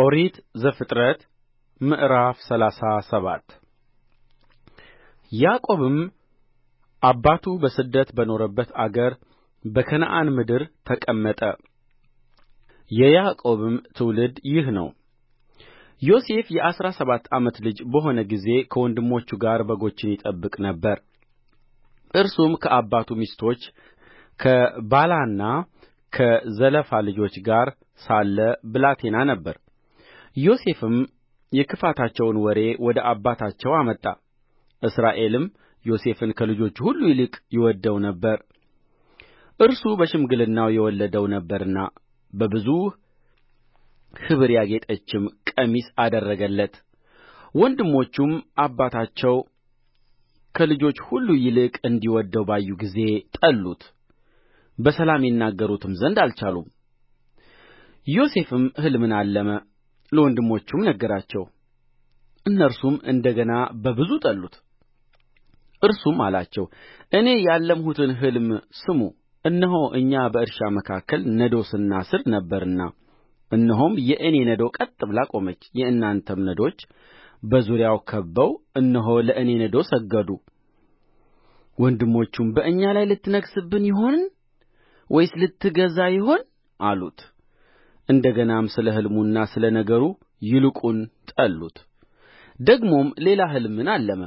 ኦሪት ዘፍጥረት ምዕራፍ ሰላሳ ሰባት ያዕቆብም አባቱ በስደት በኖረበት አገር በከነዓን ምድር ተቀመጠ። የያዕቆብም ትውልድ ይህ ነው። ዮሴፍ የአሥራ ሰባት ዓመት ልጅ በሆነ ጊዜ ከወንድሞቹ ጋር በጎችን ይጠብቅ ነበር። እርሱም ከአባቱ ሚስቶች ከባላና ከዘለፋ ልጆች ጋር ሳለ ብላቴና ነበር። ዮሴፍም የክፋታቸውን ወሬ ወደ አባታቸው አመጣ እስራኤልም ዮሴፍን ከልጆቹ ሁሉ ይልቅ ይወደው ነበር እርሱ በሽምግልናው የወለደው ነበርና በብዙ ኅብር ያጌጠችም ቀሚስ አደረገለት ወንድሞቹም አባታቸው ከልጆቹ ሁሉ ይልቅ እንዲወደው ባዩ ጊዜ ጠሉት በሰላም ይናገሩትም ዘንድ አልቻሉም ዮሴፍም ሕልምን አለመ ለወንድሞቹም ነገራቸው እነርሱም እንደ ገና በብዙ ጠሉት እርሱም አላቸው እኔ ያለምሁትን ሕልም ስሙ እነሆ እኛ በእርሻ መካከል ነዶ ስናስር ነበርና እነሆም የእኔ ነዶ ቀጥ ብላ ቆመች የእናንተም ነዶች በዙሪያው ከብበው እነሆ ለእኔ ነዶ ሰገዱ ወንድሞቹም በእኛ ላይ ልትነግሥብን ይሆን ወይስ ልትገዛ ይሆን አሉት እንደ ገናም ስለ ሕልሙና ስለ ነገሩ ይልቁን ጠሉት ደግሞም ሌላ ሕልምን አለመ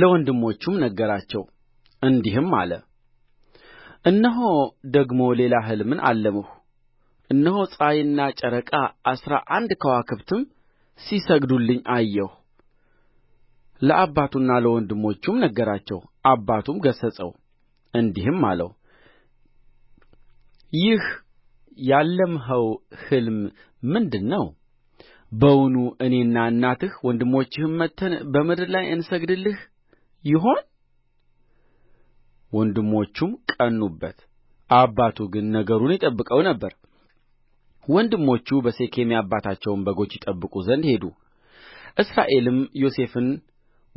ለወንድሞቹም ነገራቸው እንዲህም አለ እነሆ ደግሞ ሌላ ሕልምን አለምሁ እነሆ ፀሐይና ጨረቃ አሥራ አንድ ከዋክብትም ሲሰግዱልኝ አየሁ ለአባቱና ለወንድሞቹም ነገራቸው አባቱም ገሠጸው እንዲህም አለው ይህ ያለምኸው ሕልም ምንድር ነው በውኑ እኔና እናትህ ወንድሞችህም መጥተን በምድር ላይ እንሰግድልህ ይሆን ወንድሞቹም ቀኑበት አባቱ ግን ነገሩን ይጠብቀው ነበር ወንድሞቹ በሴኬም የአባታቸውን በጎች ይጠብቁ ዘንድ ሄዱ እስራኤልም ዮሴፍን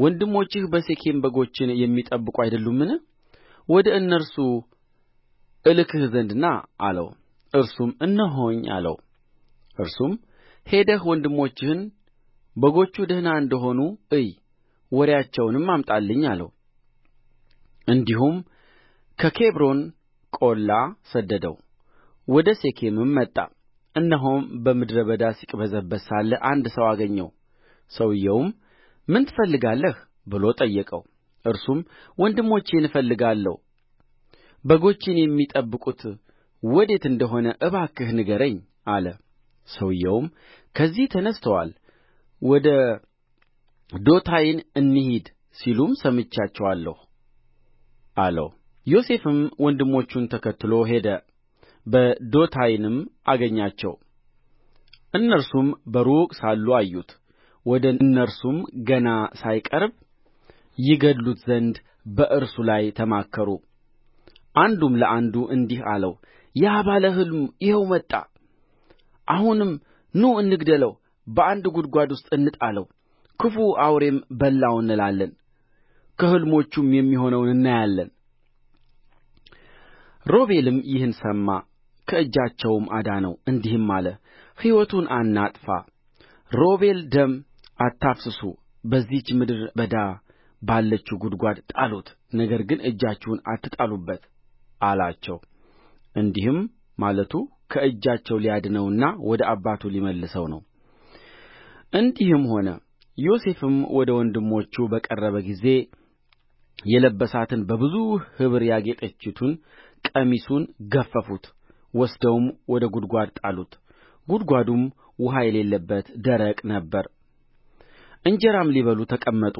ወንድሞችህ በሴኬም በጎችን የሚጠብቁ አይደሉምን ወደ እነርሱ እልክህ ዘንድ ና አለው እርሱም እነሆኝ አለው እርሱም ሄደህ ወንድሞችህን በጎቹ ደህና እንደ ሆኑ እይ ወሬአቸውንም አምጣልኝ አለው እንዲሁም ከኬብሮን ቈላ ሰደደው ወደ ሴኬምም መጣ እነሆም በምድረ በዳ ሲቅበዘበዝ ሳለ አንድ ሰው አገኘው ሰውየውም ምን ትፈልጋለህ ብሎ ጠየቀው እርሱም ወንድሞቼን እፈልጋለሁ በጎቼን የሚጠብቁት ወዴት እንደ ሆነ እባክህ ንገረኝ አለ ሰውዮውም ከዚህ ተነሥተዋል ወደ ዶታይን እንሂድ ሲሉም ሰምቻቸዋለሁ አለው ዮሴፍም ወንድሞቹን ተከትሎ ሄደ በዶታይንም አገኛቸው እነርሱም በሩቅ ሳሉ አዩት ወደ እነርሱም ገና ሳይቀርብ ይገድሉት ዘንድ በእርሱ ላይ ተማከሩ አንዱም ለአንዱ እንዲህ አለው ያ ባለ ሕልም ይኸው መጣ አሁንም ኑ እንግደለው በአንድ ጕድጓድ ውስጥ እንጣለው ክፉ አውሬም በላው እንላለን ከሕልሞቹም የሚሆነውን እናያለን ሮቤልም ይህን ሰማ ከእጃቸውም አዳነው እንዲህም አለ ሕይወቱን አናጥፋ ሮቤል ደም አታፍስሱ በዚች ምድር በዳ ባለችው ጕድጓድ ጣሉት ነገር ግን እጃችሁን አትጣሉበት አላቸው እንዲህም ማለቱ ከእጃቸው ሊያድነውና ወደ አባቱ ሊመልሰው ነው እንዲህም ሆነ ዮሴፍም ወደ ወንድሞቹ በቀረበ ጊዜ የለበሳትን በብዙ ኅብር ያጌጠቺቱን ቀሚሱን ገፈፉት ወስደውም ወደ ጕድጓድ ጣሉት ጕድጓዱም ውኃ የሌለበት ደረቅ ነበረ እንጀራም ሊበሉ ተቀመጡ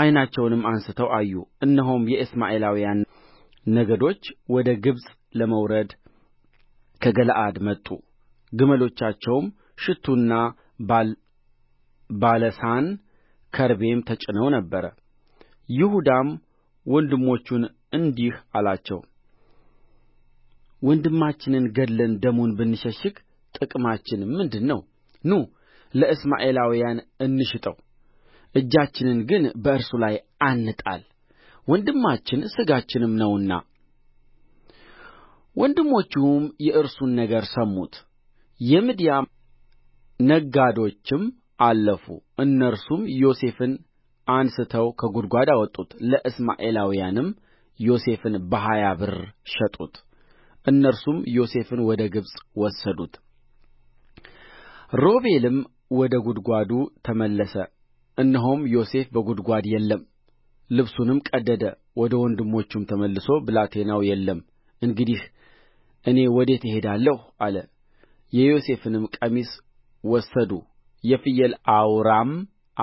ዓይናቸውንም አንሥተው አዩ እነሆም የእስማኤላውያን ነገዶች ወደ ግብፅ ለመውረድ ከገለዓድ መጡ ግመሎቻቸውም ሽቱና ባለሳን ከርቤም ተጭነው ነበር ይሁዳም ወንድሞቹን እንዲህ አላቸው ወንድማችንን ገድለን ደሙን ብንሸሽግ ጥቅማችን ምንድር ነው ኑ ለእስማኤላውያን እንሽጠው እጃችንን ግን በእርሱ ላይ አንጣል ወንድማችን ሥጋችንም ነውና ወንድሞቹም የእርሱን ነገር ሰሙት የምድያም ነጋዶችም አለፉ እነርሱም ዮሴፍን አንሥተው ከጕድጓድ አወጡት ለእስማኤላውያንም ዮሴፍን በሀያ ብር ሸጡት እነርሱም ዮሴፍን ወደ ግብፅ ወሰዱት ሮቤልም ወደ ጕድጓዱ ተመለሰ እነሆም ዮሴፍ በጕድጓድ የለም ልብሱንም ቀደደ ወደ ወንድሞቹም ተመልሶ ብላቴናው የለም እንግዲህ እኔ ወዴት እሄዳለሁ አለ የዮሴፍንም ቀሚስ ወሰዱ የፍየል አውራም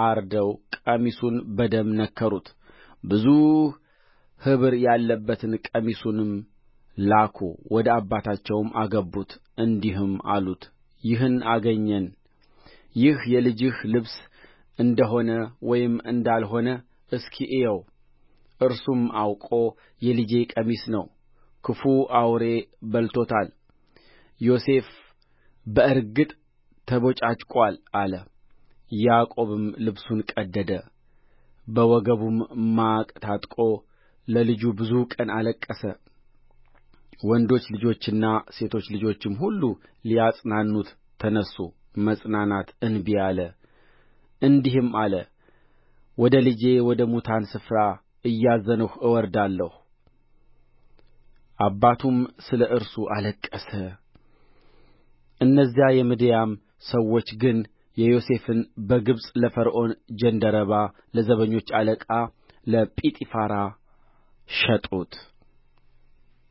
አርደው ቀሚሱን በደም ነከሩት ብዙ ኅብር ያለበትን ቀሚሱንም ላኩ ወደ አባታቸውም አገቡት እንዲህም አሉት ይህን አገኘን ይህ የልጅህ ልብስ እንደ ሆነ ወይም እንዳልሆነ እስኪ እየው እርሱም አውቆ የልጄ ቀሚስ ነው ክፉ አውሬ በልቶታል ዮሴፍ በእርግጥ ተቦጫጭቋል አለ ያዕቆብም ልብሱን ቀደደ በወገቡም ማቅ ታጥቆ ለልጁ ብዙ ቀን አለቀሰ ወንዶች ልጆችና ሴቶች ልጆችም ሁሉ ሊያጽናኑት ተነሡ መጽናናት እንቢ አለ እንዲህም አለ ወደ ልጄ ወደ ሙታን ስፍራ እያዘንሁ እወርዳለሁ አባቱም ስለ እርሱ አለቀሰ እነዚያ የምድያም ሰዎች ግን ዮሴፍን በግብፅ ለፈርዖን ጃንደረባ ለዘበኞች አለቃ ለጲጥፋራ ሸጡት